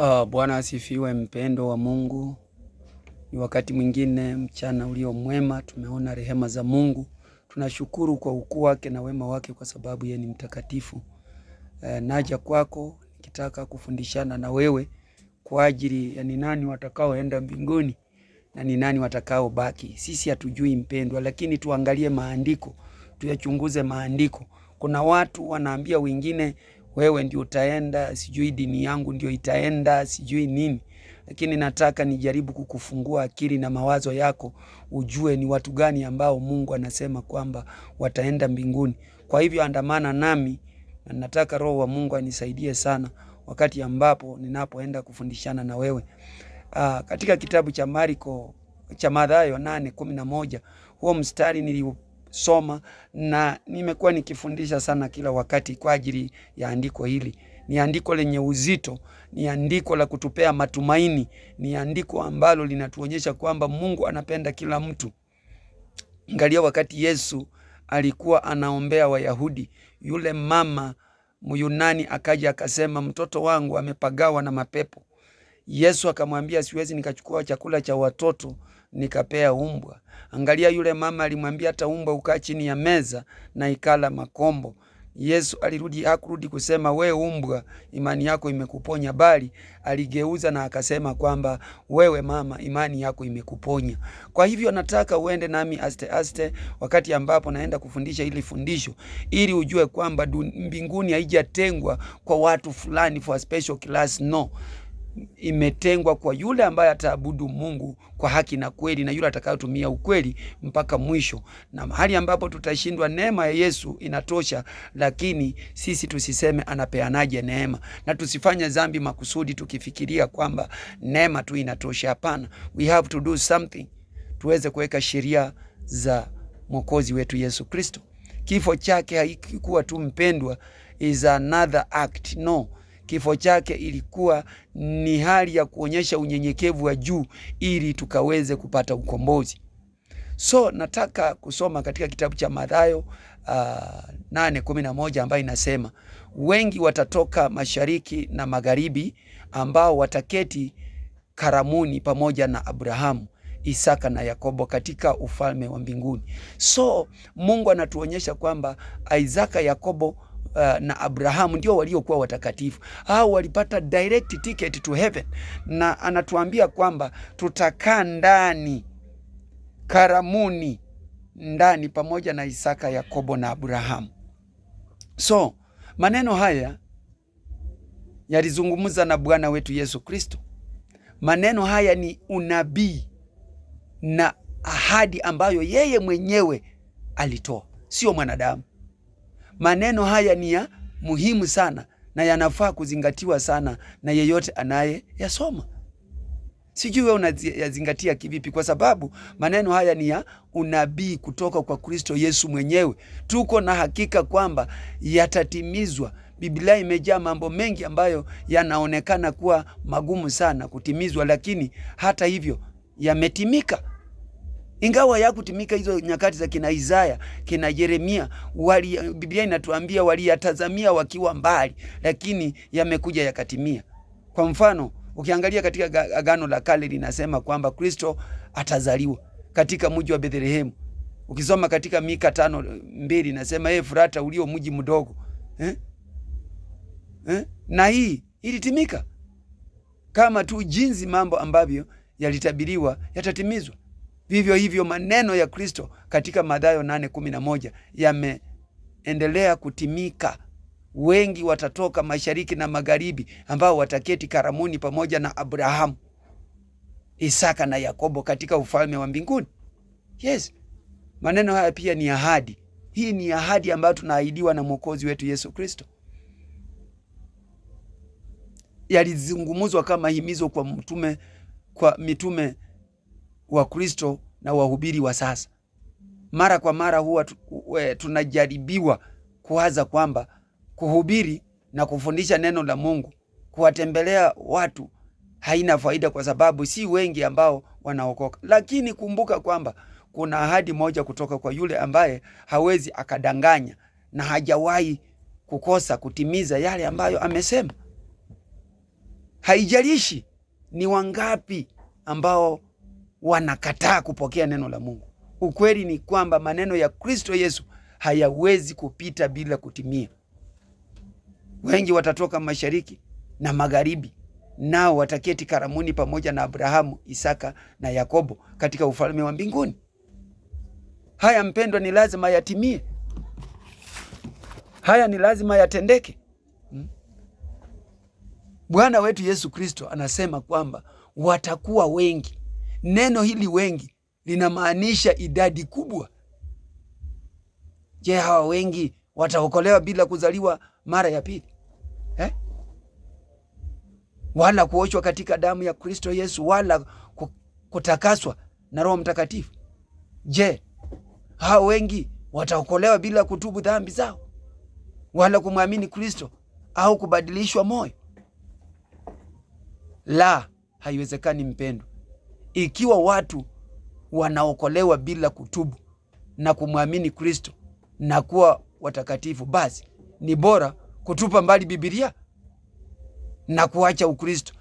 Uh, Bwana asifiwe mpendo wa Mungu. Ni wakati mwingine mchana ulio mwema, tumeona rehema za Mungu. Tunashukuru kwa ukuu wake na wema wake kwa sababu yeye ni mtakatifu. Uh, naja kwako nikitaka kufundishana na wewe kwa ajili ya ni nani watakaoenda mbinguni na ni nani watakaobaki. Sisi hatujui mpendwa, lakini tuangalie maandiko, tuyachunguze maandiko. Kuna watu wanaambia wengine wewe ndio utaenda, sijui dini yangu ndio itaenda, sijui nini, lakini nataka nijaribu kukufungua akili na mawazo yako, ujue ni watu gani ambao Mungu anasema kwamba wataenda mbinguni. Kwa hivyo andamana nami, na nataka Roho wa Mungu anisaidie sana wakati ambapo ninapoenda kufundishana na wewe. Aa, ah, katika kitabu cha Mariko cha Mathayo nane kumi na moja huo mstari soma na nimekuwa nikifundisha sana kila wakati kwa ajili ya andiko hili. Ni andiko lenye uzito, ni andiko la kutupea matumaini, ni andiko ambalo linatuonyesha kwamba Mungu anapenda kila mtu. Angalia wakati Yesu alikuwa anaombea Wayahudi, yule mama Myunani akaja akasema, mtoto wangu amepagawa na mapepo. Yesu akamwambia, siwezi nikachukua chakula cha watoto nikapea umbwa. Angalia, yule mama alimwambia hata umbwa ukaa chini ya meza na ikala makombo. Yesu alirudi, hakurudi kusema we umbwa, imani yako imekuponya, bali aligeuza na akasema kwamba wewe mama, imani yako imekuponya. Kwa hivyo nataka uende nami aste aste, wakati ambapo naenda kufundisha hili fundisho, ili ujue kwamba mbinguni haijatengwa kwa watu fulani, for special class, no imetengwa kwa yule ambaye ataabudu Mungu kwa haki na kweli, na yule atakayotumia ukweli mpaka mwisho. Na mahali ambapo tutashindwa, neema ya Yesu inatosha, lakini sisi tusiseme anapeanaje neema, na tusifanye dhambi makusudi tukifikiria kwamba neema tu inatosha. Hapana, we have to do something, tuweze kuweka sheria za mwokozi wetu Yesu Kristo. Kifo chake haikuwa tu, mpendwa, is another act no Kifo chake ilikuwa ni hali ya kuonyesha unyenyekevu wa juu ili tukaweze kupata ukombozi. So nataka kusoma katika kitabu cha Mathayo ah, nane kumi na moja ambayo inasema wengi watatoka mashariki na magharibi, ambao wataketi karamuni pamoja na Abrahamu, Isaka na Yakobo katika ufalme wa mbinguni. So Mungu anatuonyesha kwamba Isaka, Yakobo uh, na Abrahamu ndio waliokuwa watakatifu au walipata direct ticket to heaven, na anatuambia kwamba tutakaa ndani karamuni ndani pamoja na Isaka, Yakobo na Abrahamu. So maneno haya yalizungumza na Bwana wetu Yesu Kristo. Maneno haya ni unabii na ahadi ambayo yeye mwenyewe alitoa, sio mwanadamu. Maneno haya ni ya muhimu sana na yanafaa kuzingatiwa sana na yeyote anaye yasoma Sijui wewe unayazingatia kivipi, kwa sababu maneno haya ni ya unabii kutoka kwa Kristo Yesu mwenyewe. Tuko na hakika kwamba yatatimizwa. Biblia imejaa mambo mengi ambayo yanaonekana kuwa magumu sana kutimizwa, lakini hata hivyo yametimika ingawa yakutimika hizo nyakati za kina Isaya, kina Yeremia, wali Biblia inatuambia waliyatazamia wakiwa mbali, lakini yamekuja yakatimia. Kwa mfano, ukiangalia katika Agano la Kale linasema kwamba Kristo atazaliwa katika mji wa Bethlehemu. Ukisoma katika Mika tano mbili nasema ee Furata ulio mji mdogo eh? Eh? na hii ilitimika kama tu jinsi mambo ambavyo yalitabiriwa yatatimizwa. Vivyo hivyo maneno ya Kristo katika Mathayo 8:11 yameendelea kutimika. Wengi watatoka mashariki na magharibi, ambao wataketi karamuni pamoja na Abrahamu, Isaka na Yakobo katika ufalme wa mbinguni. Yes, maneno haya pia ni ahadi. Hii ni ahadi ambayo tunaahidiwa na mwokozi wetu Yesu Kristo. Yalizungumzwa kama himizo kwa mtume, kwa mitume wa Kristo na wahubiri wa sasa. Mara kwa mara huwa tunajaribiwa kuwaza kwamba kuhubiri na kufundisha neno la Mungu, kuwatembelea watu haina faida, kwa sababu si wengi ambao wanaokoka. Lakini kumbuka kwamba kuna ahadi moja kutoka kwa yule ambaye hawezi akadanganya na hajawahi kukosa kutimiza yale ambayo amesema. Haijalishi ni wangapi ambao wanakataa kupokea neno la Mungu. Ukweli ni kwamba maneno ya Kristo Yesu hayawezi kupita bila kutimia. Wengi watatoka mashariki na magharibi, nao wataketi karamuni pamoja na Abrahamu, Isaka na Yakobo katika ufalme wa mbinguni. Haya mpendwa, ni lazima yatimie. Haya ni lazima yatendeke. Hmm? Bwana wetu Yesu Kristo anasema kwamba watakuwa wengi Neno hili wengi linamaanisha idadi kubwa. Je, hawa wengi wataokolewa bila kuzaliwa mara ya pili eh? wala kuoshwa katika damu ya Kristo Yesu wala kutakaswa na Roho Mtakatifu? Je, hawa wengi wataokolewa bila kutubu dhambi zao wala kumwamini Kristo au kubadilishwa moyo? La, haiwezekani mpendwa ikiwa watu wanaokolewa bila kutubu na kumwamini Kristo na kuwa watakatifu, basi ni bora kutupa mbali Biblia na kuacha Ukristo.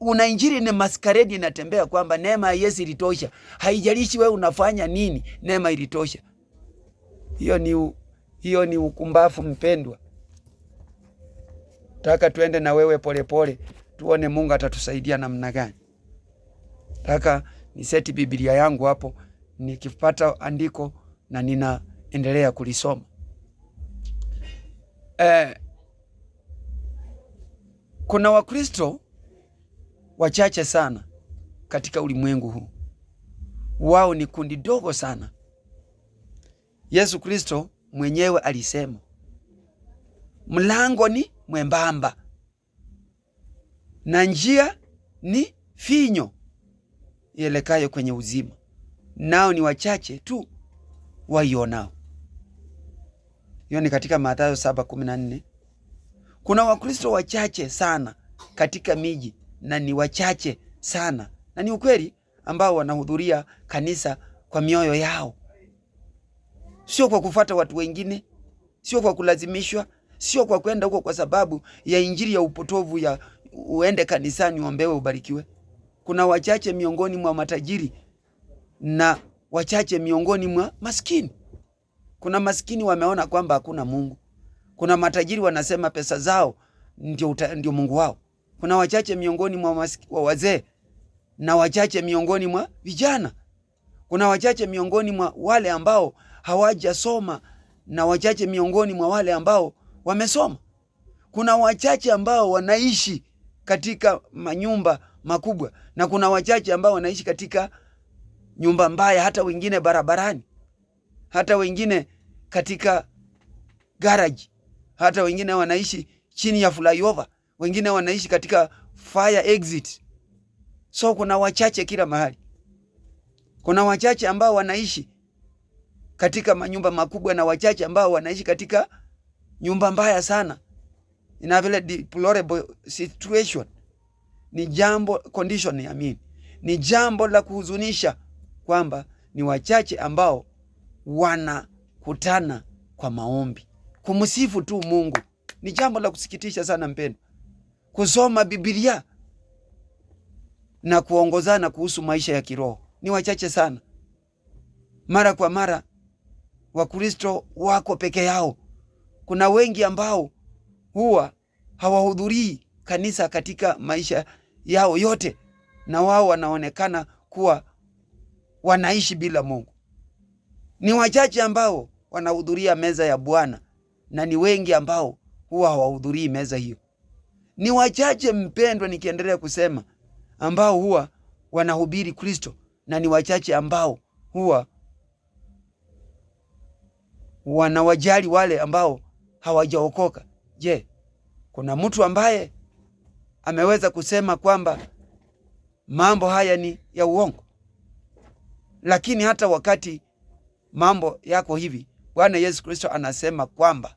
Una injili ni maskaredi inatembea, kwamba neema ya Yesu ilitosha, haijalishi wewe unafanya nini, neema ilitosha. Hiyo ni, hiyo ni ukumbafu mpendwa. Taka tuende na wewe polepole pole, tuone Mungu atatusaidia namna gani. Nataka niseti Biblia yangu hapo, nikipata andiko na ninaendelea kulisoma eh. Kuna Wakristo wachache sana katika ulimwengu huu, wao ni kundi dogo sana. Yesu Kristo mwenyewe alisema mlango ni mwembamba na njia ni finyo ielekayo kwenye uzima, nao ni wachache tu waionao. Hiyo ni katika Mathayo saba kumi na nne. Kuna Wakristo wachache sana katika miji na ni wachache sana na ni ukweli, ambao wanahudhuria kanisa kwa mioyo yao, sio kwa kufata watu wengine, sio kwa kulazimishwa, sio kwa kwenda huko kwa sababu ya injili ya upotovu ya uende kanisani uombewe ubarikiwe kuna wachache miongoni mwa matajiri na wachache miongoni mwa maskini. Kuna maskini wameona kwamba hakuna Mungu, kuna matajiri wanasema pesa zao ndio, uta, ndio Mungu wao. Kuna wachache miongoni mwa wazee na wachache miongoni mwa vijana. Kuna wachache miongoni mwa wale ambao hawajasoma na wachache miongoni mwa wale ambao wamesoma. Kuna wachache ambao wanaishi katika manyumba makubwa, na kuna wachache ambao wanaishi katika nyumba mbaya, hata wengine barabarani, hata wengine katika garage, hata wengine wanaishi chini ya flyover, wengine wanaishi katika fire exit. So kuna wachache kila mahali, kuna wachache ambao wanaishi katika manyumba makubwa na wachache ambao wanaishi katika nyumba mbaya sana, a very deplorable situation ni jambo condition, I ni jambo la kuhuzunisha kwamba ni wachache ambao wanakutana kwa maombi kumsifu tu Mungu. Ni jambo la kusikitisha sana mpendwa, kusoma Biblia na kuongozana kuhusu maisha ya kiroho ni wachache sana. Mara kwa mara Wakristo wako peke yao. Kuna wengi ambao huwa hawahudhurii kanisa katika maisha yao yote, na wao wanaonekana kuwa wanaishi bila Mungu. Ni wachache ambao wanahudhuria meza ya Bwana na ni wengi ambao huwa hawahudhurii meza hiyo. Ni wachache mpendwa, nikiendelea kusema, ambao huwa wanahubiri Kristo na ni wachache ambao huwa wanawajali wale ambao hawajaokoka. Je, kuna mtu ambaye ameweza kusema kwamba mambo haya ni ya uongo. Lakini hata wakati mambo yako hivi, Bwana Yesu Kristo anasema kwamba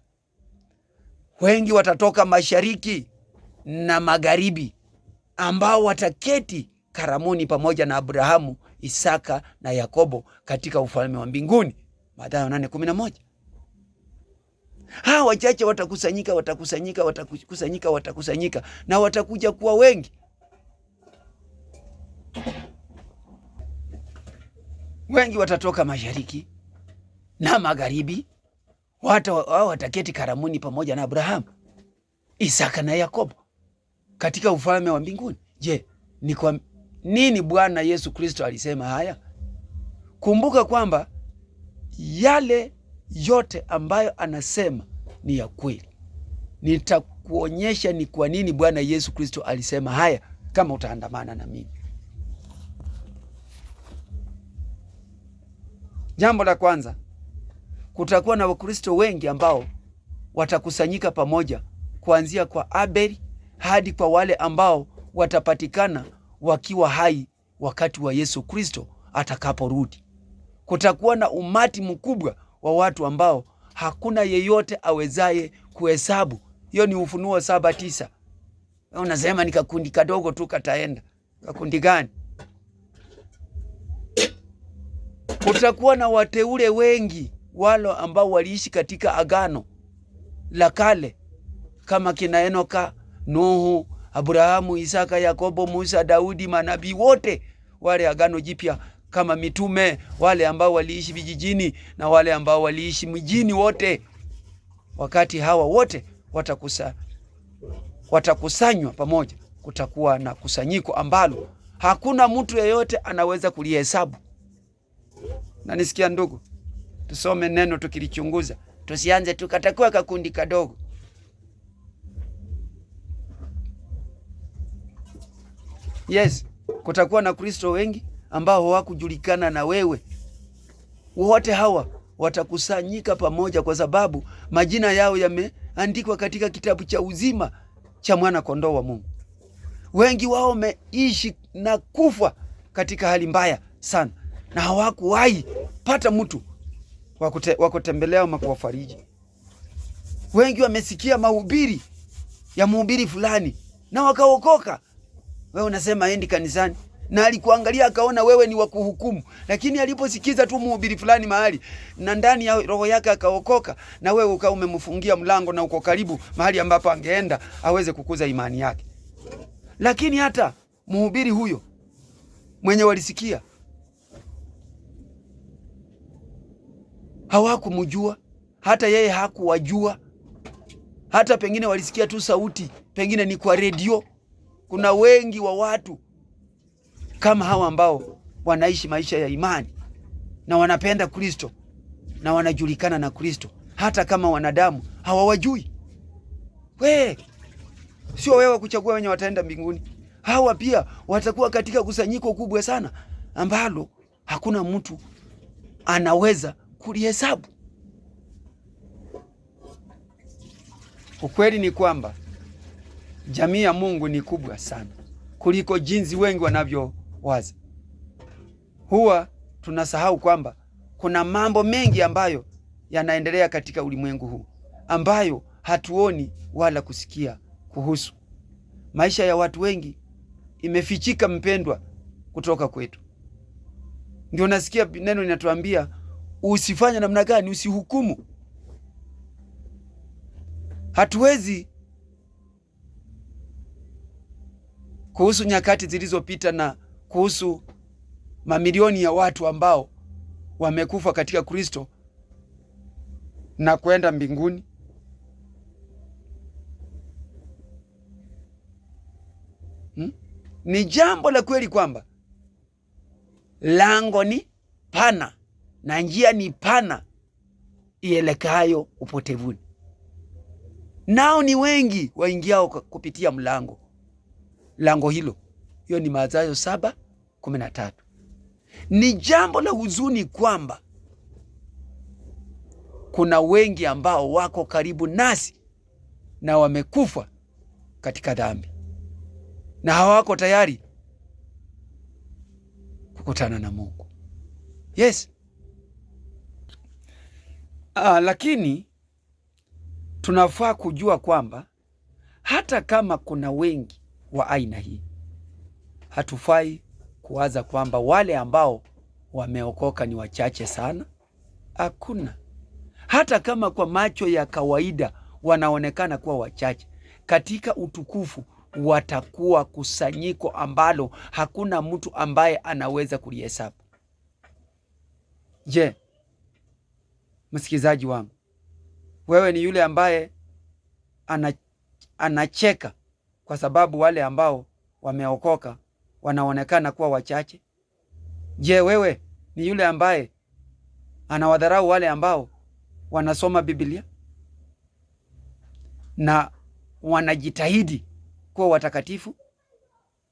wengi watatoka mashariki na magharibi ambao wataketi karamuni pamoja na Abrahamu, Isaka na Yakobo katika ufalme wa mbinguni, Mathayo 8:11. Hawa wachache watakusanyika, watakusanyika, watakusanyika, watakusanyika na watakuja kuwa wengi. Wengi watatoka mashariki na magharibi, wata wao wataketi karamuni pamoja na Abrahamu, Isaka na Yakobo katika ufalme wa mbinguni. Je, ni kwa nini Bwana Yesu Kristo alisema haya? Kumbuka kwamba yale yote ambayo anasema ni ya kweli. Nitakuonyesha ni kwa nini Bwana Yesu Kristo alisema haya kama utaandamana na mimi. Jambo la kwanza, kutakuwa na Wakristo wengi ambao watakusanyika pamoja kuanzia kwa Abeli hadi kwa wale ambao watapatikana wakiwa hai wakati wa Yesu Kristo atakaporudi. Kutakuwa na umati mkubwa wa watu ambao hakuna yeyote awezaye kuhesabu. Hiyo ni Ufunuo saba tisa. Unasema ni kakundi kadogo tu kataenda. Kakundi gani? Utakuwa na wateule wengi, walo ambao waliishi katika agano la kale kama kina Enoka, Nuhu, Abrahamu, Isaka, Yakobo, Musa, Daudi, manabii wote wale agano jipya kama mitume, wale ambao waliishi vijijini na wale ambao waliishi mjini, wote wakati hawa wote watakusa, watakusanywa pamoja, kutakuwa na kusanyiko ambalo hakuna mtu yeyote anaweza kulihesabu. Na nisikia ndugu, tusome neno tukilichunguza, tusianze tukatakiwa kakundi kadogo. Yes, kutakuwa na Kristo wengi ambao hawakujulikana na wewe, wote hawa watakusanyika pamoja, kwa sababu majina yao yameandikwa katika kitabu cha uzima cha mwana kondoo wa Mungu. Wengi wao wameishi na kufa katika hali mbaya sana, na hawakuwahi pata mtu wa kutembelea ama kuwafariji. Wengi wamesikia mahubiri ya mhubiri fulani na wakaokoka. Wewe unasema endi kanisani, na alikuangalia akaona wewe ni wa kuhukumu, lakini aliposikiza tu mhubiri fulani mahali, na ndani ya roho yake akaokoka, na wewe ukawa umemfungia mlango na uko karibu mahali ambapo angeenda aweze kukuza imani yake. Lakini hata mhubiri huyo mwenye walisikia hawakumjua, hata yeye hakuwajua, hata pengine walisikia tu sauti, pengine ni kwa redio. Kuna wengi wa watu kama hawa ambao wanaishi maisha ya imani na wanapenda Kristo na wanajulikana na Kristo, hata kama wanadamu hawawajui. We, sio wewe kuchagua wenye wataenda mbinguni. Hawa pia watakuwa katika kusanyiko kubwa sana ambalo hakuna mtu anaweza kulihesabu. Ukweli ni kwamba jamii ya Mungu ni kubwa sana kuliko jinsi wengi wanavyo wazi. Huwa tunasahau kwamba kuna mambo mengi ambayo yanaendelea katika ulimwengu huu ambayo hatuoni wala kusikia kuhusu. Maisha ya watu wengi imefichika, mpendwa, kutoka kwetu. Ndio nasikia neno linatuambia usifanye namna gani, usihukumu. Hatuwezi kuhusu nyakati zilizopita na kuhusu mamilioni ya watu ambao wamekufa katika Kristo na kwenda mbinguni. Hmm? Ni jambo la kweli kwamba lango ni pana na njia ni pana ielekayo upotevuni, nao ni wengi waingiao kupitia mlango lango hilo. Hiyo ni Mathayo saba kumi na tatu. Ni jambo la huzuni kwamba kuna wengi ambao wako karibu nasi na wamekufa katika dhambi na hawako tayari kukutana na Mungu. Yes. Aa, ah, lakini tunafaa kujua kwamba hata kama kuna wengi wa aina hii hatufai kuwaza kwamba wale ambao wameokoka ni wachache sana. Hakuna, hata kama kwa macho ya kawaida wanaonekana kuwa wachache, katika utukufu watakuwa kusanyiko ambalo hakuna mtu ambaye anaweza kulihesabu. Je, msikilizaji wangu, wewe ni yule ambaye anacheka kwa sababu wale ambao wameokoka wanaonekana kuwa wachache? Je, wewe ni yule ambaye anawadharau wale ambao wanasoma Biblia na wanajitahidi kuwa watakatifu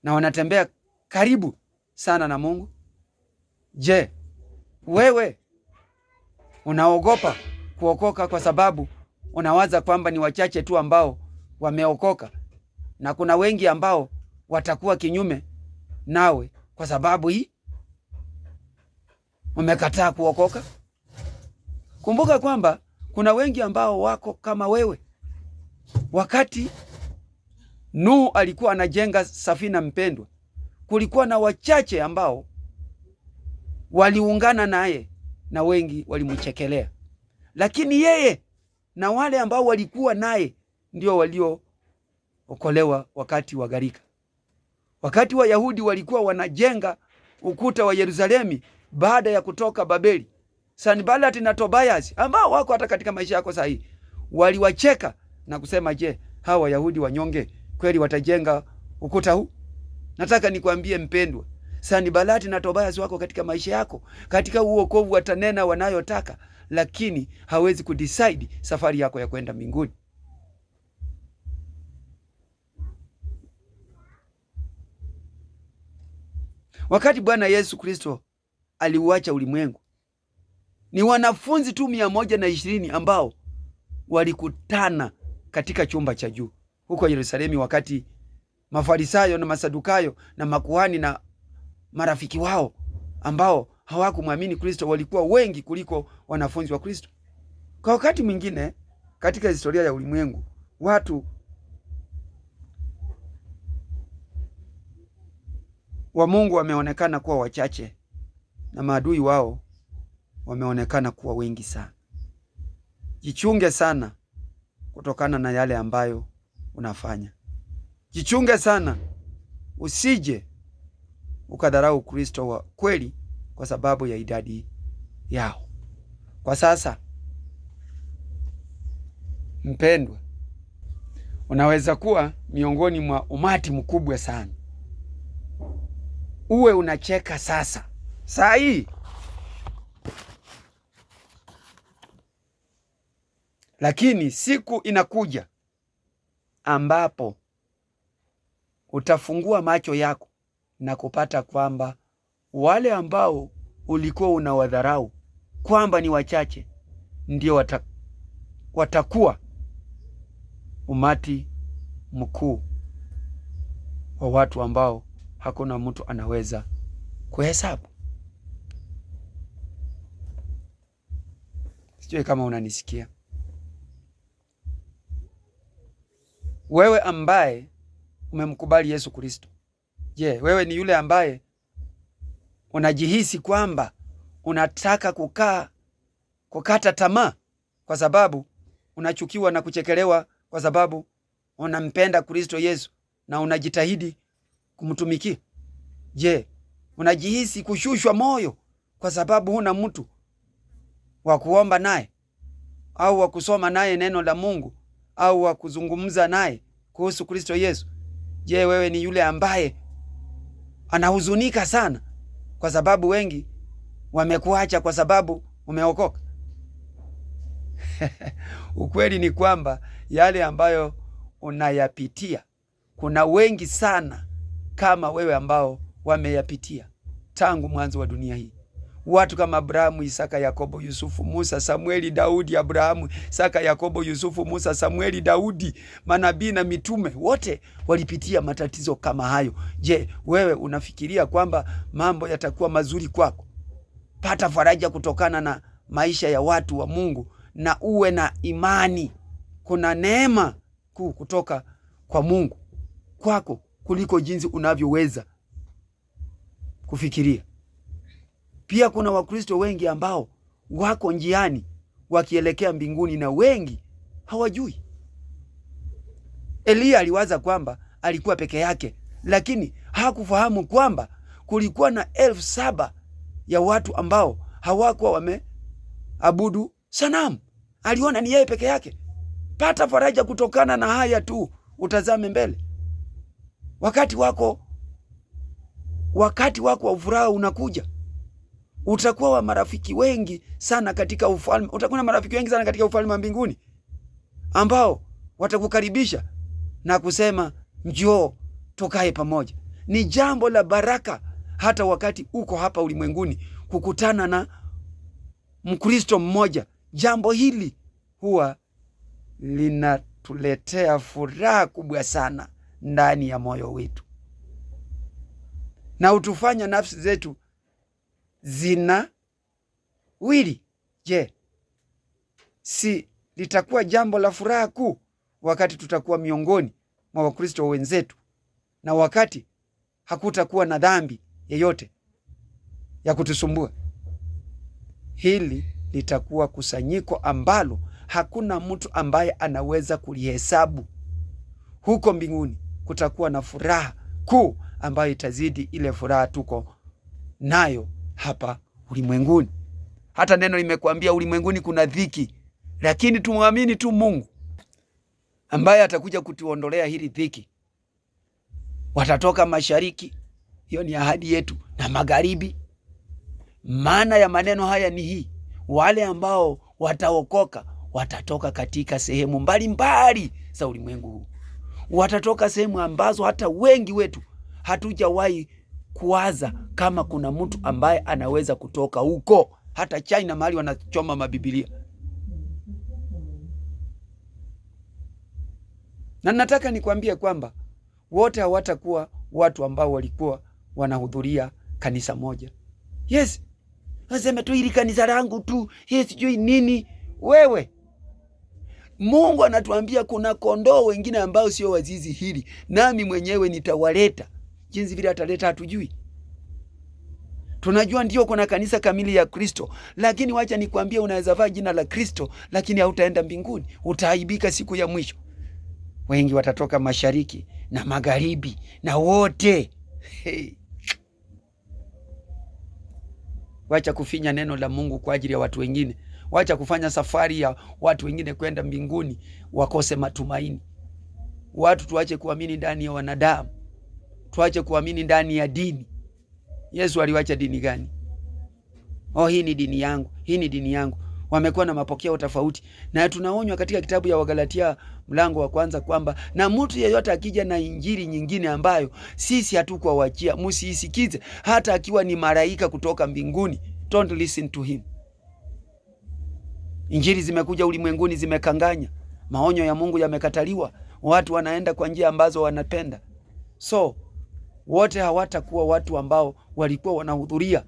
na wanatembea karibu sana na Mungu? Je, wewe unaogopa kuokoka kwa sababu unawaza kwamba ni wachache tu ambao wameokoka na kuna wengi ambao watakuwa kinyume nawe kwa sababu hii umekataa kuokoka. Kumbuka kwamba kuna wengi ambao wako kama wewe. Wakati Nuhu alikuwa anajenga safina, mpendwa, kulikuwa na wachache ambao waliungana naye na wengi walimchekelea, lakini yeye na wale ambao walikuwa naye ndio waliookolewa wakati wa gharika. Wakati Wayahudi walikuwa wanajenga ukuta wa Yerusalemi baada ya kutoka Babeli, Sanbalat na Tobias ambao wako hata katika maisha yako sahii waliwacheka na kusema, je, hawa Wayahudi wanyonge kweli watajenga ukuta huu? Nataka nikwambie mpendwa, Sanbalat na Tobias wako katika maisha yako, katika uokovu. Watanena wanayotaka, lakini hawezi kudecide safari yako ya kwenda mbinguni. Wakati Bwana Yesu Kristo aliuacha ulimwengu, ni wanafunzi tu mia moja na ishirini ambao walikutana katika chumba cha juu huko Yerusalemu, wakati Mafarisayo na Masadukayo na makuhani na marafiki wao ambao hawakumwamini Kristo walikuwa wengi kuliko wanafunzi wa Kristo. Kwa wakati mwingine katika historia ya ulimwengu watu wa Mungu wameonekana kuwa wachache na maadui wao wameonekana kuwa wengi sana. Jichunge sana kutokana na yale ambayo unafanya. Jichunge sana usije ukadharau Kristo wa kweli kwa sababu ya idadi yao. Kwa sasa, mpendwa, unaweza kuwa miongoni mwa umati mkubwa sana uwe unacheka sasa, saa hii. Lakini siku inakuja ambapo utafungua macho yako na kupata kwamba wale ambao ulikuwa unawadharau kwamba ni wachache ndio wata, watakuwa umati mkuu wa watu ambao hakuna mtu anaweza kuhesabu. Sijui kama unanisikia wewe, ambaye umemkubali Yesu Kristo. Je, wewe ni yule ambaye unajihisi kwamba unataka kukaa kukata tamaa kwa sababu unachukiwa na kuchekelewa, kwa sababu unampenda Kristo Yesu na unajitahidi kumtumikia? Je, unajihisi kushushwa moyo kwa sababu huna mtu wa kuomba naye au wa kusoma naye neno la Mungu au wa kuzungumza naye kuhusu Kristo Yesu? Je, wewe ni yule ambaye anahuzunika sana kwa sababu wengi wamekuacha kwa sababu umeokoka? Ukweli ni kwamba yale ambayo unayapitia, kuna wengi sana kama wewe ambao wameyapitia tangu mwanzo wa dunia hii. Watu kama Abrahamu, Isaka, Yakobo, Yusufu, Musa, Samueli, Daudi, Abrahamu, Isaka, Yakobo, Yusufu, Musa, Samueli, Daudi, manabii na mitume wote walipitia matatizo kama hayo. Je, wewe unafikiria kwamba mambo yatakuwa mazuri kwako? Pata faraja kutokana na maisha ya watu wa Mungu na uwe na imani. Kuna neema kuu kutoka kwa Mungu kwako kuliko jinsi unavyoweza kufikiria. Pia kuna Wakristo wengi ambao wako njiani wakielekea mbinguni na wengi hawajui. Eliya aliwaza kwamba alikuwa peke yake, lakini hakufahamu kwamba kulikuwa na elfu saba ya watu ambao hawakuwa wameabudu sanamu. Aliona ni yeye peke yake. Pata faraja kutokana na haya tu, utazame mbele wakati wako wakati wako wa furaha unakuja, utakuwa wa marafiki wengi sana katika ufalme, utakuwa na marafiki wengi sana katika ufalme wa mbinguni ambao watakukaribisha na kusema njoo, tukae pamoja. Ni jambo la baraka hata wakati uko hapa ulimwenguni kukutana na Mkristo mmoja. Jambo hili huwa linatuletea furaha kubwa sana ndani ya moyo wetu na utufanya nafsi zetu zina wili. Je, si litakuwa jambo la furaha kuu wakati tutakuwa miongoni mwa Wakristo wenzetu na wakati hakutakuwa na dhambi yeyote ya kutusumbua? Hili litakuwa kusanyiko ambalo hakuna mtu ambaye anaweza kulihesabu huko mbinguni kutakuwa na furaha kuu ambayo itazidi ile furaha tuko nayo hapa ulimwenguni. Hata neno limekuambia ulimwenguni kuna dhiki, lakini tumwamini tu Mungu ambaye atakuja kutuondolea hili dhiki. Watatoka mashariki, hiyo ni ahadi yetu, na magharibi. Maana ya maneno haya ni hii, wale ambao wataokoka watatoka katika sehemu mbalimbali za ulimwengu huu watatoka sehemu ambazo hata wengi wetu hatujawahi kuwaza kama kuna mtu ambaye anaweza kutoka huko. Hata China mahali wanachoma mabibilia. Na nataka nikwambie kwamba wote hawatakuwa watu ambao walikuwa wanahudhuria kanisa moja. Yes, aseme tu ili kanisa langu tu, yes, sijui nini. Wewe Mungu anatuambia kuna kondoo wengine ambao sio wazizi hili, nami mwenyewe nitawaleta. Jinsi vile ataleta hatujui. Tunajua ndio kuna kanisa kamili ya Kristo, lakini wacha nikwambie, unaweza vaa jina la Kristo lakini hautaenda mbinguni, utaaibika siku ya mwisho. Wengi watatoka mashariki na magharibi na wote hey. Wacha kufinya neno la Mungu kwa ajili ya watu wengine. Wacha kufanya safari ya watu wengine kwenda mbinguni wakose matumaini. Watu tuache kuamini ndani ya wanadamu, tuache kuamini ndani ya dini. Yesu aliwacha dini gani? Oh, hii ni dini yangu, hii ni dini yangu. Wamekuwa na mapokeo tofauti, na tunaonywa katika kitabu ya Wagalatia mlango wa kwanza kwamba na mtu yeyote akija na injili nyingine ambayo sisi hatukuwawachia, msiisikize, hata akiwa ni malaika kutoka mbinguni. Don't listen to him. Injili zimekuja ulimwenguni, zimekanganya. Maonyo ya Mungu yamekataliwa, watu wanaenda kwa njia ambazo wanapenda. So wote hawatakuwa watu ambao walikuwa wanahudhuria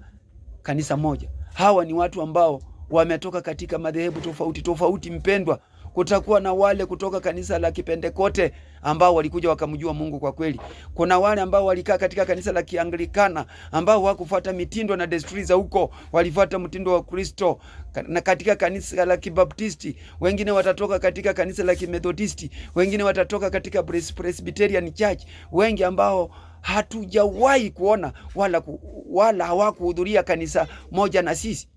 kanisa moja. Hawa ni watu ambao wametoka katika madhehebu tofauti tofauti, mpendwa. Kutakuwa na wale kutoka kanisa la Kipentekote ambao walikuja wakamjua Mungu kwa kweli. Kuna wale ambao walikaa katika kanisa la Kianglikana ambao hawakufuata mitindo na desturi za huko, walifuata mtindo wa Kristo. Na katika kanisa la Kibaptisti, wengine watatoka katika kanisa la Kimethodisti, wengine watatoka katika Presbyterian Church, wengi ambao hatujawahi kuona wala ku, wala hawakuhudhuria kanisa moja na sisi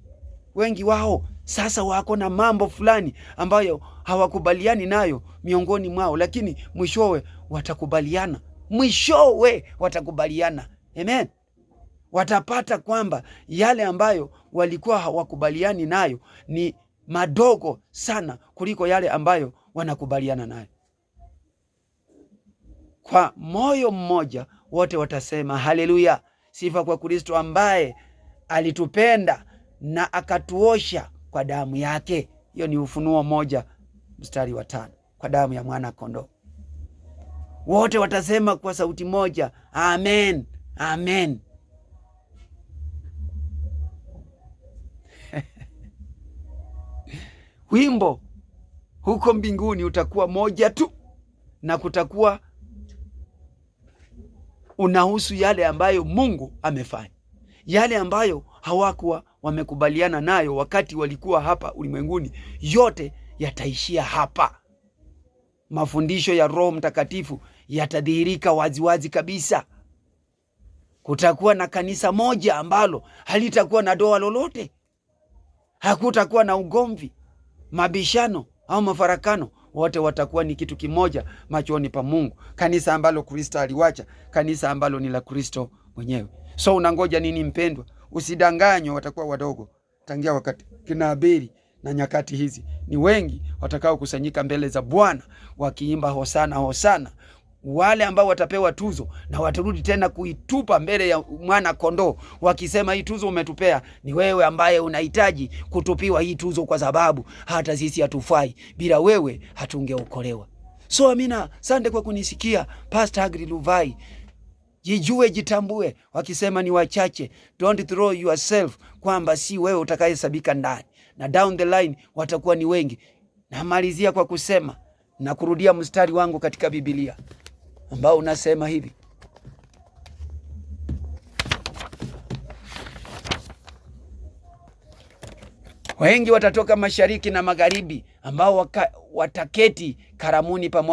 wengi wao sasa wako na mambo fulani ambayo hawakubaliani nayo miongoni mwao, lakini mwishowe watakubaliana, mwishowe watakubaliana. Amen. Watapata kwamba yale ambayo walikuwa hawakubaliani nayo ni madogo sana kuliko yale ambayo wanakubaliana nayo. Kwa moyo mmoja wote watasema haleluya, sifa kwa Kristo ambaye alitupenda na akatuosha kwa damu yake. Hiyo ni Ufunuo moja mstari wa tano, kwa damu ya mwana kondoo. Wote watasema kwa sauti moja, amen, amen. Wimbo huko mbinguni utakuwa moja tu, na kutakuwa unahusu yale ambayo Mungu amefanya, yale ambayo hawakuwa wamekubaliana nayo wakati walikuwa hapa ulimwenguni, yote yataishia hapa. Mafundisho ya Roho Mtakatifu yatadhihirika waziwazi kabisa. Kutakuwa na kanisa moja ambalo halitakuwa na doa lolote. Hakutakuwa na ugomvi, mabishano au mafarakano. Wote watakuwa ni kitu kimoja machoni pa Mungu, kanisa ambalo Kristo aliwacha, kanisa ambalo ni la Kristo mwenyewe. So unangoja nini mpendwa? Usidanganywe, watakuwa wadogo tangia wakati kina Abeli na nyakati hizi ni wengi watakaokusanyika mbele za Bwana wakiimba hosana hosana, wale ambao watapewa tuzo na watarudi tena kuitupa mbele ya mwana kondoo, wakisema hii tuzo umetupea, ni wewe ambaye unahitaji kutupiwa hii tuzo, kwa sababu hata sisi hatufai, bila wewe hatungeokolewa. So amina, sante kwa kunisikia Pastor Agri Luvai. Jijue, jitambue, wakisema ni wachache. Don't throw yourself kwamba si wewe utakayehesabika ndani, na down the line watakuwa ni wengi. Namalizia kwa kusema na kurudia mstari wangu katika Biblia ambao unasema hivi wengi watatoka mashariki na magharibi ambao wataketi karamuni pamoja.